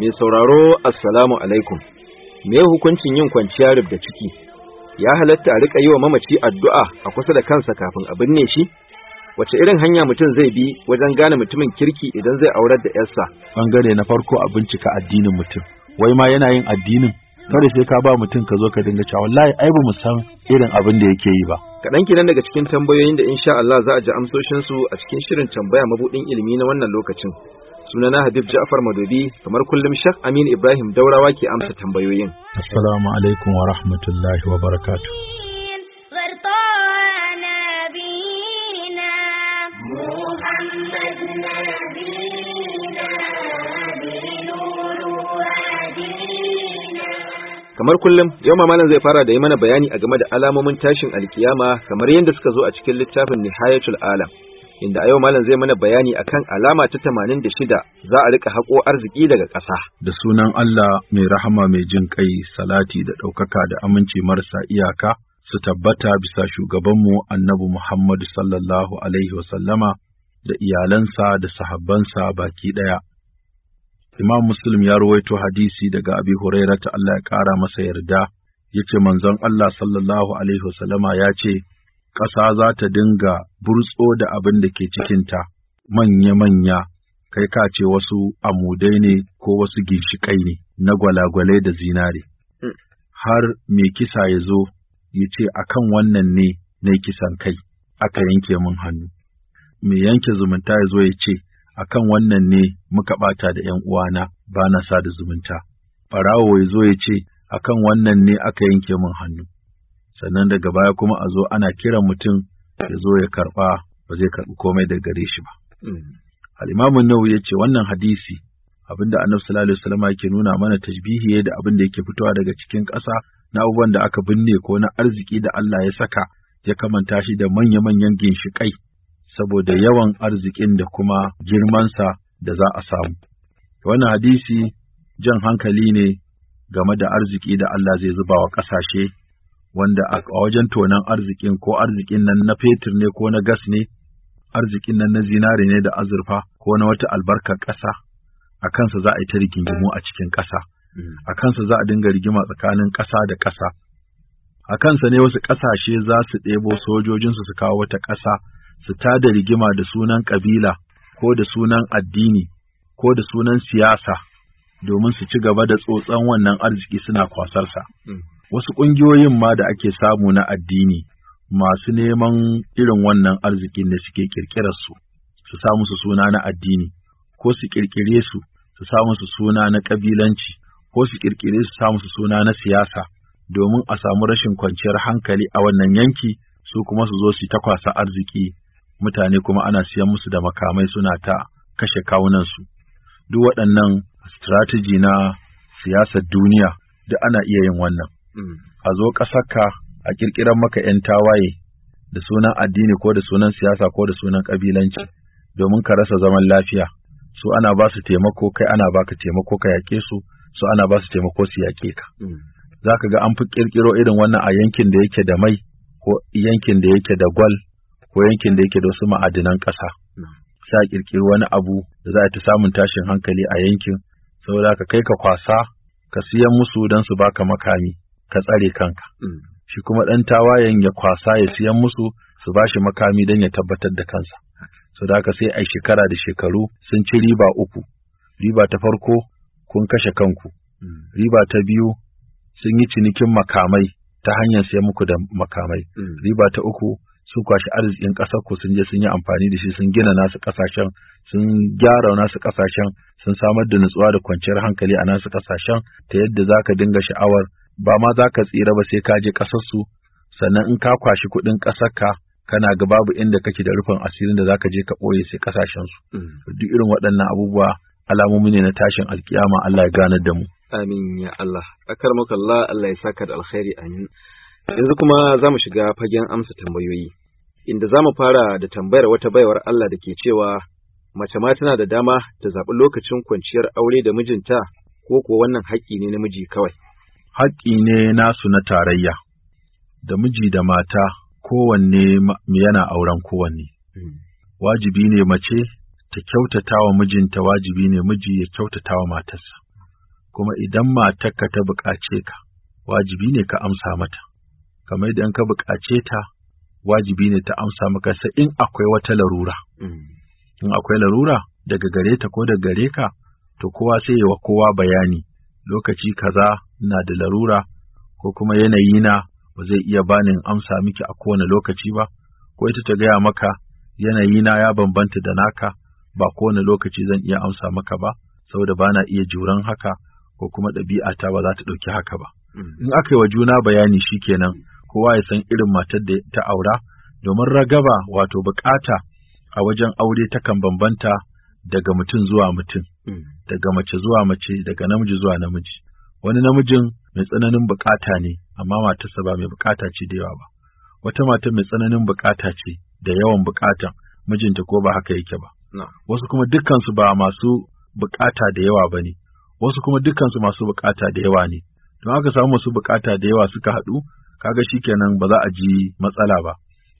mai sauraro assalamu alaikum me hukuncin yin kwanciya rubda ciki ya halatta a rika yi wa mamaci addu'a a kusa da kansa kafin a binne shi wace irin hanya mutum zai bi wajen gane mutumin kirki idan zai aurar da yarsa bangare na farko a bincika addinin mutum wai ma yana yin addinin kada sai ka ba mutum ka zo ka dinga cewa wallahi ai ba mu san irin abin da yake yi ba kaɗan kenan daga cikin tambayoyin da insha Allah za a ji amsoshin su a cikin shirin tambaya mabudin ilimi na wannan lokacin sunana Hadif Ja'far Madobi kamar kullum Sheikh Amin Ibrahim Daurawa ke amsa tambayoyin. Assalamu alaikum wa rahmatullahi wa barakatuh. kamar kullum yau ma malam zai fara da yi mana bayani a game da alamomin tashin alkiyama kamar yadda suka zo a cikin littafin nihayatul alam inda a yau malam zai mana bayani akan alama ta tamanin da shida za a rika haƙo arziki daga ƙasa. Da sunan Allah mai rahama mai jin kai salati da ɗaukaka da aminci marasa iyaka su tabbata bisa shugabanmu annabi Muhammadu sallallahu alaihi wasallama da iyalansa da sahabbansa baki ɗaya. Imam Muslim ya ruwaito hadisi daga Abi Hurairah ta Allah ya ƙara masa yarda, yace manzon Allah sallallahu alaihi wasallama ya ce, ƙasa za ta dinga burtso da abin da ke cikinta, manya-manya, kai ka ce wasu amudai ne ko wasu ginshiƙai ne na gwalagwalai da zinare. Hmm. Har mai kisa ya zo, ya ce a kan wannan ne na kisan kai, aka yanke min hannu. Mai yanke zumunta ya zo ya ce, a kan wannan ne muka ɓata da ’yan uwana ba na sa da zumunta. Farawo ya zo ya ce, a kan wannan ne aka yanke min hannu. sannan daga baya kuma a zo ana kiran mutum ya zo ya karɓa ba zai karɓi komai daga gare shi ba. Mm. Al'imamun nau ya ce wannan hadisi abinda Annabi sallallahu alaihi wasallam yake nuna mana tashbihi da abin da yake fitowa daga cikin ƙasa na abubuwan da aka binne ko na arziki da Allah ya saka ya kamanta shi da manya-manyan ginshiƙai saboda yawan arzikin da kuma girmansa da za a samu. Wannan hadisi jan hankali ne game da arziki da Allah zai zuba wa ƙasashe wanda a wajen tonan arzikin ko arzikin nan na fetur ne ko na gas ne, arzikin nan na zinare ne da azurfa ko na wata albarkar ƙasa, a kansa za a yi ta rigingimu a cikin ƙasa, mm. a kansa za a dinga rigima tsakanin ƙasa da ƙasa. A kansa ne wasu ƙasashe za su ɗebo sojojinsu su kawo wata ƙasa, su da rigima da sunan ƙabila ko da sunan addini ko da sunan siyasa domin su ci gaba da tsotson wannan arziki suna kwasarsa. Mm. Wasu ƙungiyoyin ma da ake samu na addini masu neman irin wannan arzikin da suke ƙirƙirar su, su samu su suna na addini, ko su ƙirƙire su, su samu su suna na ƙabilanci, ko su ƙirƙire su samu su suna na siyasa, domin a samu rashin kwanciyar hankali a wannan yanki, su kuma su zo su ta kwasa arziki, mutane kuma ana siyan musu da makamai suna ta kashe kawunansu. Duk waɗannan strategy na siyasar duniya, da ana iya yin wannan. Mm. a zo ƙasarka a ƙirƙirar maka ‘yan tawaye da sunan addini ko da sunan siyasa ko da sunan ƙabilanci domin ka rasa zaman lafiya su ana ba su taimako kai ana ba ka taimako ka yaƙe su su ana ba su taimako su yaƙe ka mm. za ka ga an fi ƙirƙiro irin wannan a yankin da yake da mai ko yankin da yake da gwal ko yankin da yake da wasu ma'adinan ƙasa mm. sai a ƙirƙiri wani abu da za a ta samun tashin hankali a yankin saboda ka kai ka kwasa ka siyan musu don su baka makami ka tsare kanka mm. shi kuma ɗan tawayen ya kwasa ya siyan musu su ba shi makami don ya tabbatar da kansa so da haka sai a shekara da shekaru sun ci riba uku riba ta farko kun kashe kanku mm. riba ta biyu sun yi cinikin makamai ta hanyar siyan muku da makamai mm. riba ta uku sun kwashi arzikin ƙasar ku sun je sun yi amfani da shi sun gina nasu ƙasashen sun gyara nasu ƙasashen sun samar da nutsuwa da kwanciyar hankali a nasu ƙasashen ta yadda za ka dinga sha'awar ba ma za ka tsira ba sai ka je ƙasarsu, sannan in ka kwashi kuɗin ka kana ga babu inda kake da rufin asirin da za ka je ka ɓoye sai ƙasashensu. Mm. Duk irin waɗannan abubuwa alamomi ne na tashin alkiyama Allah ya ganar da mu. Amin ya Allah. Akar Allah Allah ya saka da alkhairi amin. Yanzu kuma za mu shiga fagen amsa tambayoyi. Inda za mu fara da tambayar wata baiwar Allah da ke cewa mace ma tana da dama ta zaɓi lokacin kwanciyar aure da mijinta ko kuwa wannan haƙƙi ne namiji kawai. haƙƙi ne nasu na tarayya, da miji da mata kowanne yana auren kowanne. Hmm. Wajibi ne mace ta kyautata wa mijinta wajibi ne miji ya kyautata wa matarsa, kuma idan matarka ta buƙace ka, wajibi ne ka amsa mata, kamar idan ka buƙace ta, wajibi ne ta amsa maka sai in akwai wata larura. Hmm. In akwai larura daga gare ta ko daga gare ka, to kowa sai yi wa kowa bayani lokaci kaza ina da larura ko kuma yanayi na ba zai iya bani amsa miki a kowane lokaci ba ko ita ta gaya maka yanayi na ya bambanta da naka ba kowane lokaci zan iya amsa maka ba saboda bana iya juran haka ko kuma ɗabi'ata ba za ta ɗauki haka ba. Mm. In aka yi wa juna bayani shi kenan, kowa ya san irin matar da ta aura, domin ragaba wato bukata a wajen aure takan bambanta daga mutum zuwa mutum, mm. daga mace zuwa mace, daga namiji zuwa namiji. Wani namijin mai tsananin bukata ne, amma matarsa ba mai bukata ce da yawa ba. Wata mata mai tsananin bukata ce da yawan bukata mijinta ko ba haka yake ba. Wasu kuma dukkansu ba masu bukata da yawa ba ne, wasu kuma dukkansu masu bukata da yawa ne. Don haka samu masu bukata da yawa suka haɗu, kaga shikenan ba za a ji matsala ba.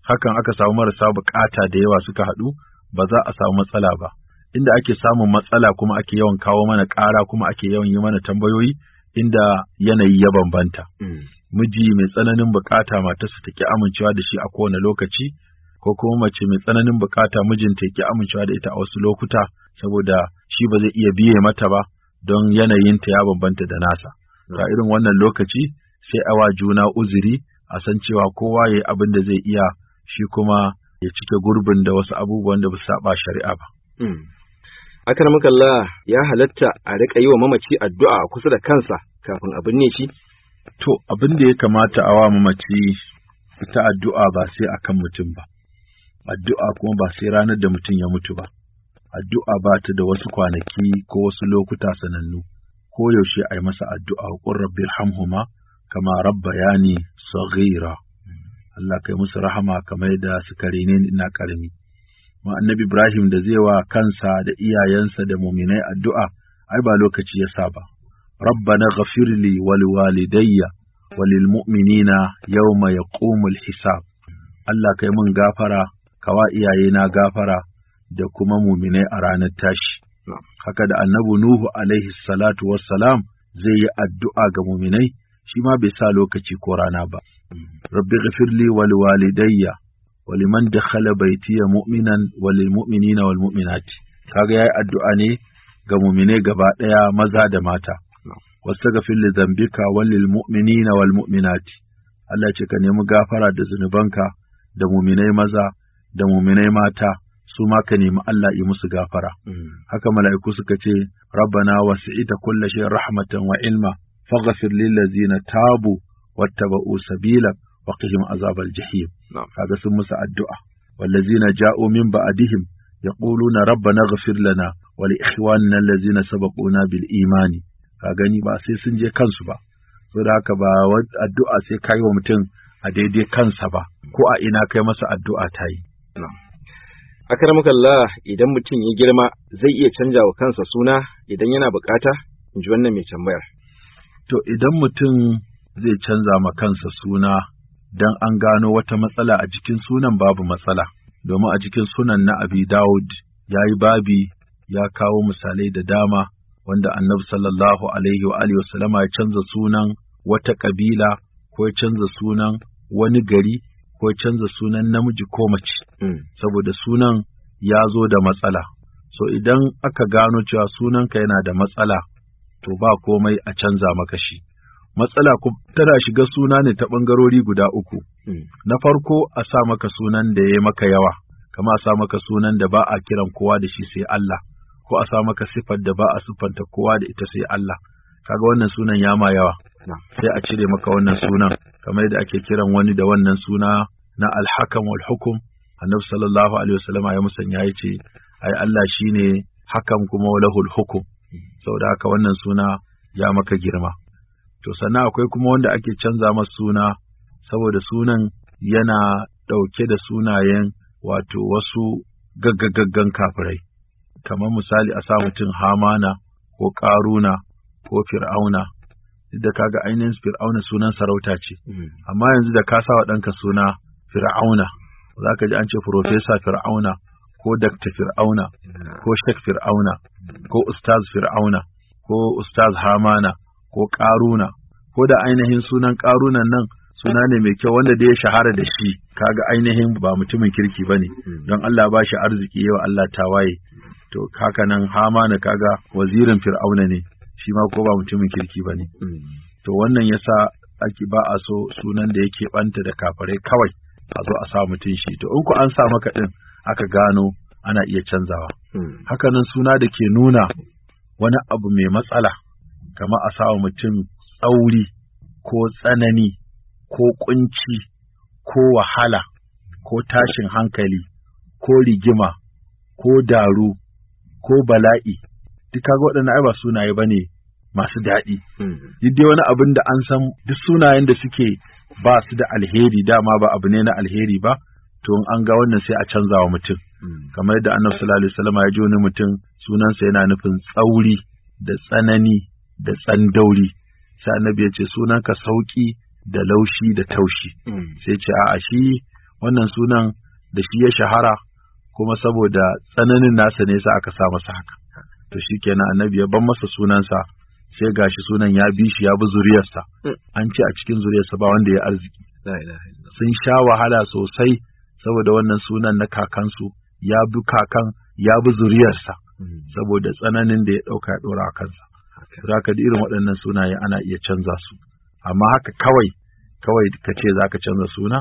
Hakan aka samu marasa bukata da yawa suka haɗu, ba za a samu matsala ba. inda ake samun matsala kuma ake yawan kawo mana ƙara kuma ake yawan yi mana tambayoyi inda yanayi ya bambanta. Mm. Miji mai tsananin bukata matarsa take amincewa da shi a kowane lokaci, ko kuma mace mai tsananin bukata mijinta ya yake amincewa da ita a wasu lokuta saboda shi ba zai iya biye mata ba don yanayinta ya bambanta da nasa. Ga mm. irin wannan lokaci sai awa juna uzuri a san cewa kowa ya yi abin da zai iya shi kuma ya cike gurbin da wasu abubuwan da ba su saba shari'a ba. Mm. Makalla ya halatta a riƙa yi wa mamaci addu'a kusa da kansa kafin abin ne shi? To, abin da ya kamata a wa mamaci ta addu'a ba sai a kan mutum ba, addu'a kuma ba sai ranar da mutum ya mutu ba, addu'a ba ta da wasu kwanaki ko wasu lokuta sanannu, ko yaushe a masa addu'a ƙun rabbi hamhuma kama rabba yani saghira. Allah kai musu rahama kamar da suka ne ina ƙarami. ma annabi Ibrahim da zai wa kansa da iyayensa da muminai addu'a ai ba lokaci ya saba. ba rabbana ghafirli wal walidayya walil mu'minina yawma yaqumul hisab Allah kai mun gafara kawa iyayena gafara da kuma muminai a ranar tashi haka da Annabu Nuhu alaihi salatu wassalam zai yi addu'a ga muminai shi ma bai sa lokaci ko rana ba rabbi gafirli wal walidayya waliman dakhala baitiya mu'minan walil mu'minina wal mu'minati kaga yayi addu'a ne ga mu'mine gaba daya maza da mata wastaghfir li dhanbika walil mu'minina wal mu'minati Allah ce ka nemi gafara da zunubanka da mu'minai maza da mu'minai mata su ma ka nemi Allah yi musu gafara haka mala'iku suka ce rabbana wasi'ita kulli shay'in rahmatan wa ilma faghfir lil ladzina tabu wattaba'u sabilak kaga masa addu'a, وقهم عذاب الجحيم هذا ثم الدعاء والذين جاءوا من بعدهم يقولون ربنا اغفر لنا ولإخواننا الذين سبقونا بالإيمان gani ba sai sun je kansu ba saboda haka ba addu'a sai ka yi wa mutum a daidai kansa ba ko a ina kai masa addu'a ta yi akramakallah idan mutum ya girma zai iya canja wa kansa suna idan yana bukata in ji wannan mai tambayar to idan mutum zai canza ma kansa suna don an gano wata matsala a jikin sunan babu matsala, domin a jikin sunan na Abi Dawud ya yi babi ya kawo misalai da dama wanda annabi sallallahu alaihi wa alihi wasallama ya canza sunan wata kabila ko ya canza sunan wani gari ko ya canza sunan namiji ko mace, hmm. saboda sunan ya zo da matsala. So idan aka gano cewa sunanka yana da matsala, to ba komai a canza maka shi. matsala tana shiga suna ne ta ɓangarori guda uku. Hmm. Na farko a sa maka sunan da ya maka yawa, kama a sa maka sunan da ba a kiran kowa da shi sai Allah, ko a sa maka sifar da ba a siffanta kowa da ita sai Allah. Kaga wannan sunan ya ma yawa, sai a cire maka wannan sunan, kamar yadda ake kiran wani da wannan suna na alhakam wal hukum, annabi sallallahu alaihi wasallam ya musanya ya ce, ai Allah shine hakam kuma lahul hukum. Hmm. Saboda haka wannan suna ya maka girma. to sannan akwai kuma wanda ake canza masa suna saboda sunan yana ɗauke da sunayen wato wasu gaggagaggan kafirai kamar misali a sa mutum hamana ko ƙaruna ko fir'auna duk da kaga ainihin fir'auna sunan sarauta ce mm. amma yanzu da ka sa wa ɗanka suna fir'auna za ka ji an ce Profesa fir'auna ko dakta fir'auna mm. ko shek fir'auna ko ustaz fir'auna ko ustaz hamana ko ƙaruna ko da ainihin sunan ƙarunan nan suna ne mai kyau wanda da ya shahara da shi kaga ainihin ba mutumin kirki bane mm. don Allah ba shi arziki yawa Allah tawaye to haka nan hamana kaga wazirin fir'auna ne shi ma ko ba mutumin kirki bane mm. to wannan yasa ake ba a so sunan da yake banta da kafare kawai a zo a sa mutum shi to in ku an sa maka din aka gano ana iya canzawa mm. haka nan suna da ke nuna wani abu mai matsala kama a sawa mutum tsauri ko tsanani ko kunci ko wahala ko tashin hankali ko rigima ko daru ko bala'i duk kaga waɗannan ai ba sunaye bane masu daɗi mm-hmm. duk dai wani abin da an san duk sunayen da suke ba su da alheri dama ba abu ne na alheri ba to in an ga wannan sai a canza wa mutum mm-hmm. kamar yadda annabi sallallahu alaihi wasallam ya ji wani mutum sunansa yana nufin tsauri da tsanani da tsandauri sai annabi ya ce ka sauki da laushi da taushi hmm. sai ce a'a shi wannan sunan da shi ya shahara kuma saboda tsananin nasa ne sa aka sa masa haka to shikenan annabi ya ban masa sunansa sai gashi sunan ya bi shi ya bi zuriyarsa hmm. an ce a cikin zuriyarsa ba wanda ya arziki sun sha wahala sosai saboda wannan sunan na kakansu ya bi kakan ya bi zuriyarsa hmm. saboda tsananin da ya ɗauka ya ɗora kansa zaka da irin waɗannan sunaye ana iya canza su amma haka kawai kawai ka ce zaka canza suna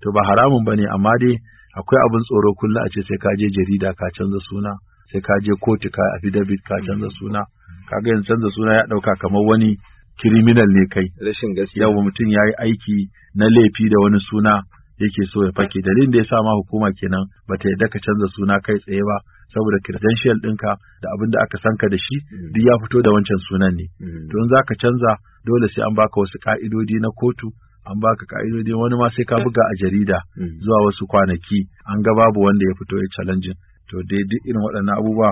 to ba haramun bane amma dai akwai abin tsoro kullum a ce sai ka je jarida ka canza suna sai ka je kotu ka affidavit ka canza suna kaga yin canza suna ya ɗauka, kamar wani kiriminal ne kai rashin gaskiya yawa mutum yayi aiki na laifi da wani suna yake so ya fake dalilin da ya sa ma hukuma kenan bata yadda ka canza suna kai tsaye ba saboda credential ɗinka da abin da aka sanka da shi mm. duk ya fito da wancan sunan ne mm. to in zaka canza dole sai an baka wasu ka'idodi na kotu an baka ka'idodi wani ma sai ka buga a jarida mm. zuwa wasu kwanaki an ga babu wanda ya fito ya challenge to dai duk irin waɗannan abubuwa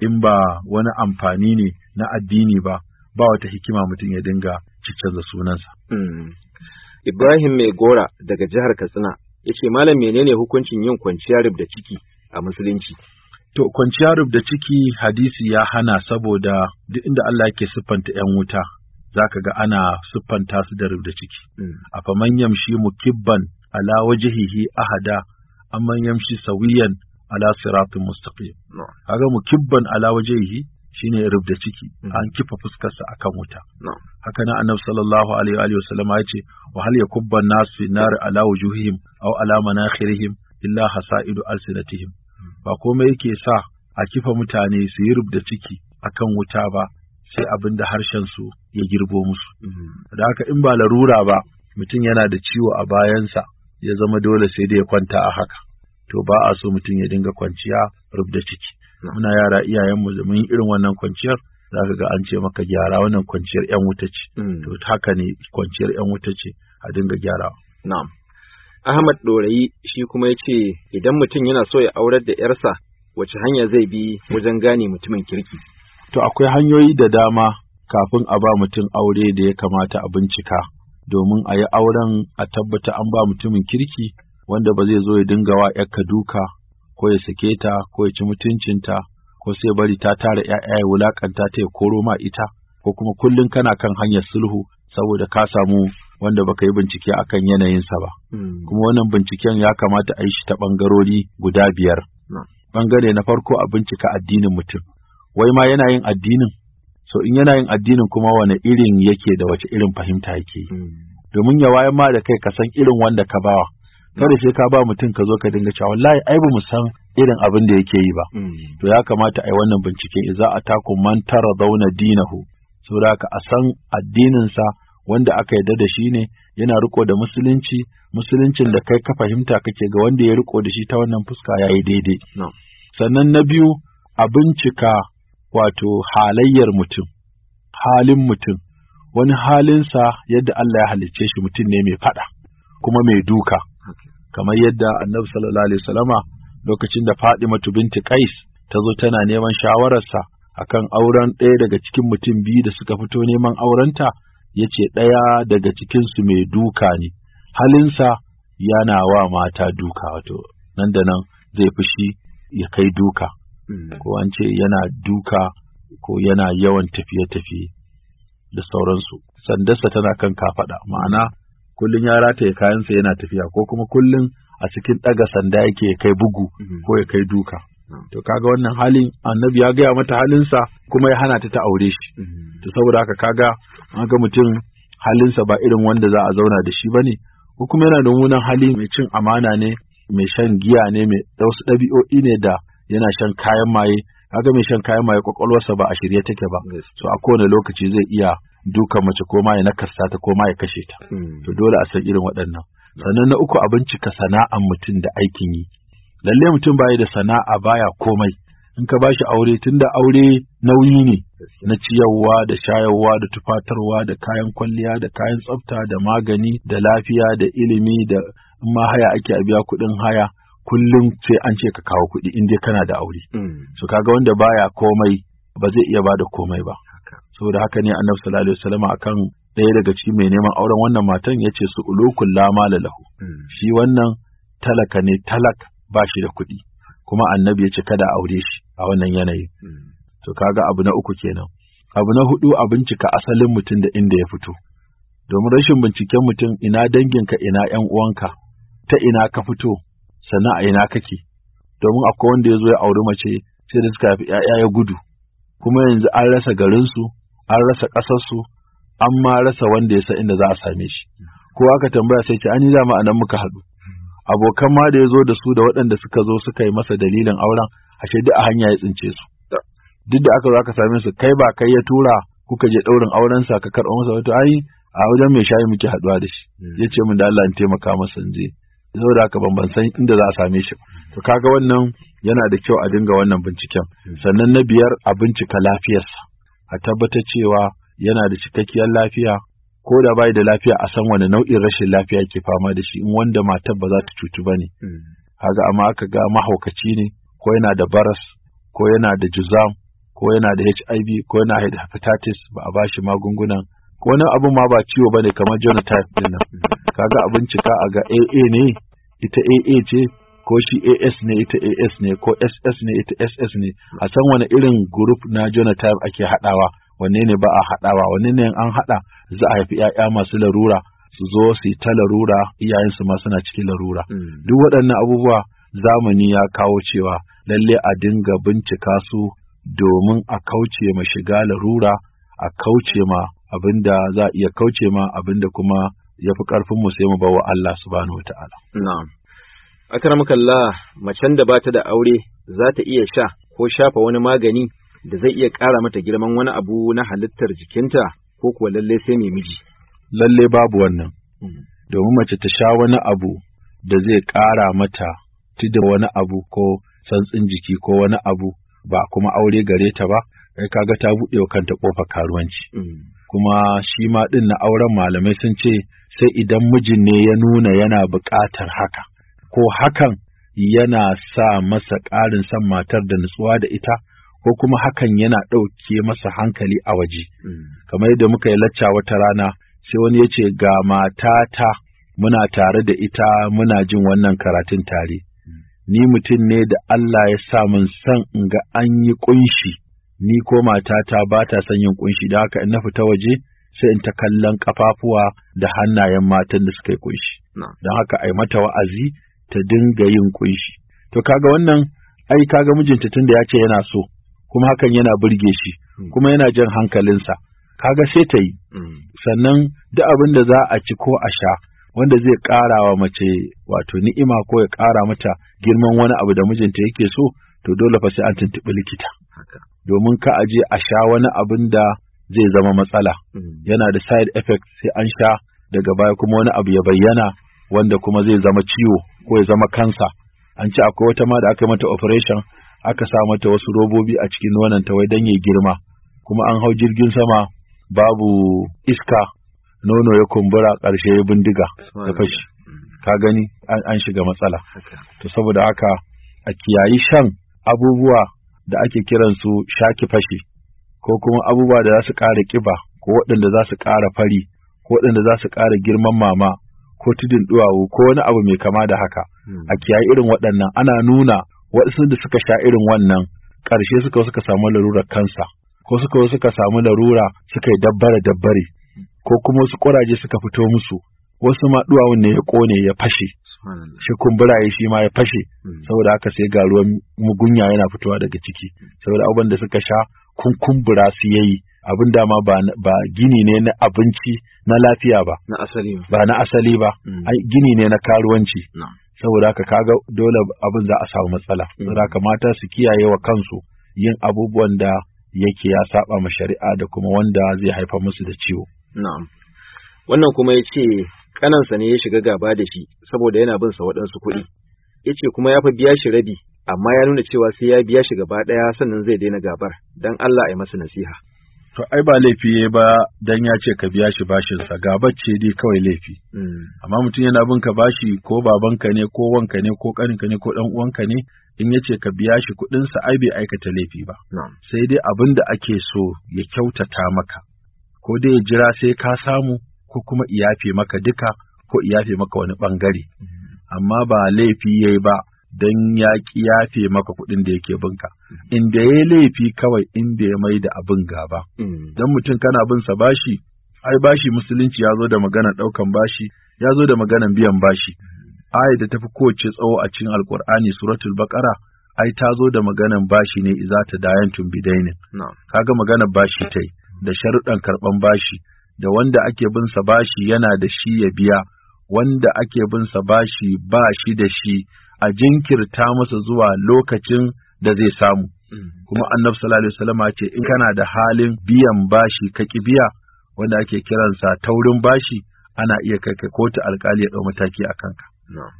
in ba wani amfani ne na addini ba ba wata hikima mutum ya dinga canza sunansa. Ibrahim Mai Gora daga jihar Katsina ya ce malam menene hukuncin yin kwanciya da ciki a musulunci. To kwanciya da ciki hadisi ya hana saboda duk inda Allah yake siffanta ‘yan wuta za ka ga ana siffanta su da rubda ciki. Mm. A faman yamshi kibban ala wajihihi ahada amman yamshi sawiyan ala siratun mustaqim. Kaga mu kibban ala wajihihi shine rubda ciki hmm. an kifa fuskarsa akan wuta haka nan annabi sallallahu alaihi wa sallama ya ce wa hal yakubba nas fi nar ala wujuhihim aw ala manakhirihim illa hasaidu alsinatihim hmm. ba komai yake sa a kifa mutane su yi rubda ciki akan wuta ba sai abin da harshen su ya girbo musu hmm. da haka in ba larura ba mutum yana da ciwo a bayansa ya zama dole sai da ya kwanta a haka to ba a so mutum ya dinga kwanciya rubda ciki muna yara iyayenmu da mun irin wannan kwanciyar za ka ga an ce maka gyara wannan kwanciyar yan wuta ce hmm. to haka ne kwanciyar yan wuta ce a dinga gyarawa na'am Ahmad Dorayi shi kuma ya ce idan mutum yana so ya aurar da ‘yarsa wace hanya zai bi wajen gane mutumin kirki. To akwai hanyoyi da dama kafin a ba mutum aure da ya kamata a bincika domin a yi auren a tabbata an ba mutumin kirki wanda ba zai zo ya dinga wa ‘yarka duka ko ya sake ta ko ya ci mutuncinta ko sai bari ta tara ‘ya'ya ya wulakanta ta ya koro ma ita ko kuma kullum kana kan hanyar sulhu saboda ka samu wanda baka yi bincike akan yanayinsa ba. Hmm. Kuma wannan binciken ya kamata a yi shi ta ɓangarori guda biyar. Bangare na farko a bincika addinin mutum. Wai ma yana yin addinin? So in yana yin addinin kuma wane irin yake da wace irin fahimta yake yi. Hmm. Domin ya wayan ma da kai ka san irin wanda ka bawa. kada sai ka ba mutum ka zo ka dinga cewa wallahi ai ba mu san irin abin da yake yi ba mm. to ya kamata ai wannan bincike idza atakum man taradawna dinahu saboda ka a san addinin sa wanda aka yarda da shi ne yana riko da musulunci musuluncin da kai ka fahimta kake ga wanda ya riko da shi ta wannan fuska yayi daidai sannan na biyu a bincika wato halayyar mutum halin mutum wani halinsa yadda Allah ya halicce shi mutum ne mai fada kuma mai duka kamar yadda annabi sallallahu alaihi wasallama lokacin da Fatimatu binti Qais ta zo tana neman shawararsa akan auren ɗaya daga cikin mutum biyu da suka fito neman aurenta ya ce ɗaya daga cikin su mai duka ne halinsa yana wa mata duka wato nan da nan zai fushi ya kai duka mm. ko an ce yana duka ko yana yawan tafiye-tafiye da sauransu sandarsa tana kan kafaɗa ma'ana kullun ya rataye kayansa yana tafiya ko kuma kullun a cikin ɗaga sanda yake kai bugu mhm. ko ya kai duka mhm. to kaga wannan halin annabi ya gaya mata halin sa kuma ya hana ta ta aure shi mhm. to saboda haka kaga an ga mutum halinsa ba irin wanda za a zauna da shi bane ko kuma yana da munan hali mai cin amana ne mai shan giya ne mai wasu ɗabi'o'i ne da yana shan kayan maye kaga mai shan kayan maye kwakwalwarsa ba a shirye take ba so a kowane lokaci zai iya dukan mace ko ma ya nakasta ta ko ma ya kashe ta hmm. to dole a san irin waɗannan sannan na uku a bincika sana'an mutum da aikin yi lalle mutum baya da sana'a baya komai in ka bashi aure tun da aure nauyi ne na ciyarwa da shayarwa da tufatarwa da kayan kwalliya da kayan tsafta da magani da lafiya da ilimi da in ma haya ake a biya kuɗin haya kullum sai an ce ka kawo kuɗi in dai kana da aure hmm. so kaga wanda baya komai ba zai iya ba da komai ba saboda haka ne annabi sallallahu alaihi wasallam akan ɗaya daga cikin mai neman auren wannan matan ya ce su ulukun lama lalahu hmm. shi wannan talaka ne talak ba shi da kuɗi kuma annabi ya ce kada aure shi a wannan yanayi hmm. to kaga abu na uku kenan abu na hudu a bincika asalin mutum da inda ya fito domin rashin binciken mutum ina danginka ina ƴan uwanka ta ina ka fito sannan a ina kake domin akwai wanda ya zo ya auri mace sai da suka haifi ‘ya'ya ya gudu, kuma yanzu an rasa garinsu, an rasa ƙasarsu an ma rasa wanda ya san inda za a same shi ko aka tambaya sai ce an yi dama a nan muka haɗu abokan ma da ya zo da su da waɗanda suka zo suka yi masa dalilin auren ashe duk a hanya ya tsince su duk da aka zo aka same su kai ba kai ya tura kuka je ɗaurin auren sa ka karɓa masa wato ai a wajen mai shayi muke haɗuwa da shi hmm. ya ce min da Allah in taimaka masa in zo da haka ban san inda za a same shi to kaga wannan yana da kyau a dinga wannan binciken hmm. sannan na biyar a bincika lafiyarsa a tabbatar cewa yana da cikakkiyar lafiya ko da bai da lafiya a san wani nau'in rashin lafiya ke fama da shi in wanda matar ba za ta cutu ba ne. Haga hmm. amma aka ga mahaukaci ne ko yana da baras ko yana da juzam ko yana da HIV ko yana da hepatitis ba a bashi magungunan wani abu ma ba ciwo ba ne kamar genotype din nan hmm. kaga abinci ka a ga AA ne ita AA ce ko shi AS ne ita AS ne ko SS ne ita SS ne a san wani irin group na Jonathan ake haɗawa wanne ne ba a haɗawa wanne ne an haɗa za a haifi ‘ya'ya masu larura su zo su yi ta larura iyayensu ma suna cikin larura hmm. duk waɗannan abubuwa zamani ya kawo cewa lalle a dinga bincika su domin a kauce ma shiga larura a kauce ma abin za a iya kauce ma abin kuma ya fi mu sai mu bawa Allah subhanahu wa ta'ala. Na'am. Akramakallah macen da bata da aure za ta iya sha ko shafa wani magani da zai iya ƙara mata girman wani abu na halittar jikinta ko kuwa lalle sai mai miji. Lalle babu wannan. Hmm. Domin mace ta sha wani abu da zai ƙara mata tida wani abu ko santsin jiki ko wani abu ba kuma aure gare ta ba, kai kaga ta buɗe wa kanta ƙofar karuwanci. Hmm. Kuma shi ma ɗin na auren malamai sun ce sai idan mijin ne ya nuna yana buƙatar haka. ko hakan yana sa masa ƙarin san matar da nutsuwa da ita ko kuma hakan yana ɗauke masa hankali a waje. Mm. Kamar yadda muka yi lacca wata rana sai wani ya ce ga matata muna tare da ita muna jin wannan karatun tare. Mm. Ni mutum ne da Allah ya sa min san in ga an yi ƙunshi, ni ko matata ba ta son yin ƙunshi, da haka in na fita waje sai in ta kallon ƙafafuwa da hannayen matan da suka yi ƙunshi. Don haka ai mata wa'azi ta dinga yin kunshi to kaga wannan ai kaga mijinta tunda ya ce yana so kuma hakan yana burge shi hmm. kuma yana jan hankalinsa kaga sai ta yi hmm. sannan duk abin da za a ci ko a sha wanda zai ƙara wa mace wato ni'ima ko ya ƙara mata girman wani abu da mijinta yake so to dole fa sai an tuntuɓi likita domin ka aje a sha wani abin da zai zama matsala hmm. yana da side effect sai an sha daga baya kuma wani abu ya bayyana wanda kuma zai zama ciwo ko ya zama kansa an ce akwai wata ma da aka mata operation aka sa mata wasu robobi a cikin nonon ta wai dan ya girma kuma an hau jirgin sama babu iska nono ya kumbura ƙarshe ya bindiga da fashi ka gani an shiga matsala to saboda haka a kiyayi shan abubuwa da ake kiransu shaki fashi ko kuma abubuwa da za su ƙara ƙiba ko waɗanda za su ƙara fari ko waɗanda za su ƙara girman mama ko tudun duwawu ko wani abu mai kama da haka hmm. a kiyaye irin waɗannan ana nuna waɗansu da suka sha irin wannan ƙarshe suka suka samu larurar kansa ko suka suka samu larura suka yi dabbare dabbare ko kuma wasu ƙuraje suka fito musu wasu ma duwawun ne ya ƙone ya fashe shi kumbura ya shi ma ya fashe hmm. saboda haka sai ga ruwan mugunya yana fitowa daga ciki saboda abin da suka sha kun kumbura su yayi abin dama ba gini ne na abinci na lafiya ba na asali ba na asali ba hmm. gini ne na karuwanci saboda haka kaga dole abin za a samu matsala hmm. saboda mata su kiyaye wa kansu yin abubuwan da yake ya saba ma shari'a da kuma wanda zai haifa musu da ciwo na'am wannan kuma ya ce kanansa ne ya shiga gaba da shi saboda yana bin sa waɗansu kuɗi yace kuma ya fi biya shi rabi amma ya nuna cewa sai ya biya shi gaba ɗaya sannan zai daina gabar dan Allah ya masu masa nasiha to ai ba laifi ya ba dan ya ce ka biya shi bashinsa ga bacce dai kawai laifi hmm. amma mutum yana bin ka bashi ko babanka ne ko wanka ne ko kaninka ne ko dan uwanka ne in ya ce ka biya shi sa, ai bai aikata laifi ba sai dai abin da ake so ya kyautata maka ko dai ya jira sai ka samu ko kuma iyafe maka duka ko iyafe maka wani bangare hmm. amma ba laifi yayi ba don ya ki yafe maka kuɗin da yake binka inda ya laifi kawai inda ya mai da abin gaba mm. don mutum kana bin sa bashi ai bashi musulunci ya zo da maganar ɗaukan bashi ya zo da maganar biyan bashi Ai da tafi kowace tsawo a cikin alkur'ani suratul baqara ai ta zo da maganar bashi ne iza ta dayan tumbidainin kaga maganar bashi tai da sharuɗan karɓan bashi da wanda ake bin sa bashi yana da shi ya biya wanda ake bin sa bashi ba shi da shi a jinkirta masa zuwa lokacin da zai samu mm. kuma annabi sallallahu alaihi wasallam ce in kana da halin biyan bashi ka ki biya wanda ake kiransa taurin bashi ana iya kai ka kotu alkali ya dau mataki a kanka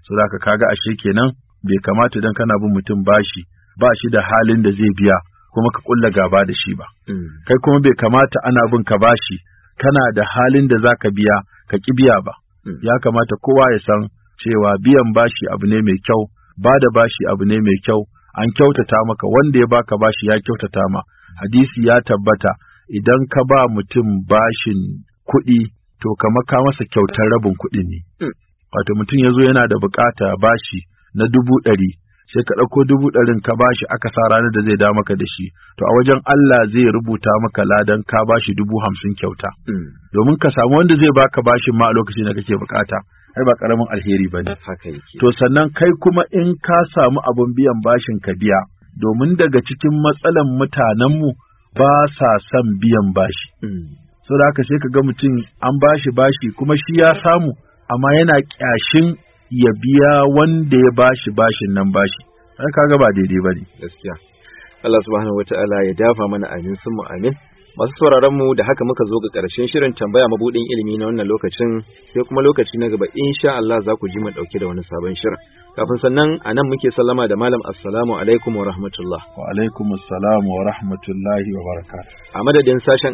so zaka kaga ashe kenan bai kamata dan kana bin mutum bashi ba shi da halin da zai biya kuma ka kulla gaba da shi ba mm. kai kuma bai kamata ana bin ka bashi kana da halin da zaka biya ka ki biya ba mm. ya kamata kowa ya san cewa biyan bashi abu ne mai kyau, ba da bashi abu ne mai kyau, an kyautata maka wanda ya baka bashi ya kyautata ma. Hadisi ya tabbata idan ka ba mutum bashin kuɗi to kamar ka masa kyautar rabin kuɗi ne. Hmm. Wato mutum ya zo yana da bukata bashi na dubu ɗari sai ka ɗauko dubu ɗarin ka bashi aka sa ranar da zai da maka da shi to a wajen Allah zai rubuta maka ladan ka bashi dubu hamsin kyauta hmm. domin ka samu wanda zai baka bashin ma a lokacin da kake bukata ai ba karamin alheri ba ne. To sannan kai kuma in ka samu abun biyan bashin ka biya, domin daga cikin matsalan mutanenmu ba sa son biyan bashi. Mm. So da haka sai ka ga mutum an bashi bashi kuma shi ya samu, amma yana ƙyashin ya biya wanda ya bashi bashin nan bashi. Ai ga ba daidai ba ne. Gaskiya. Allah subhanahu wa ta'ala ya dafa mana amin sun amin. masu sauraron mu da haka muka zo ga ƙarshen shirin tambaya mabudin ilimi na wannan lokacin sai kuma lokaci na gaba insha Allah za ku ji mu dauke da wani sabon shirin kafin sannan a nan muke sallama da malam assalamu alaikum wa rahmatullah wa alaikum assalam wa rahmatullahi wa barakatuh a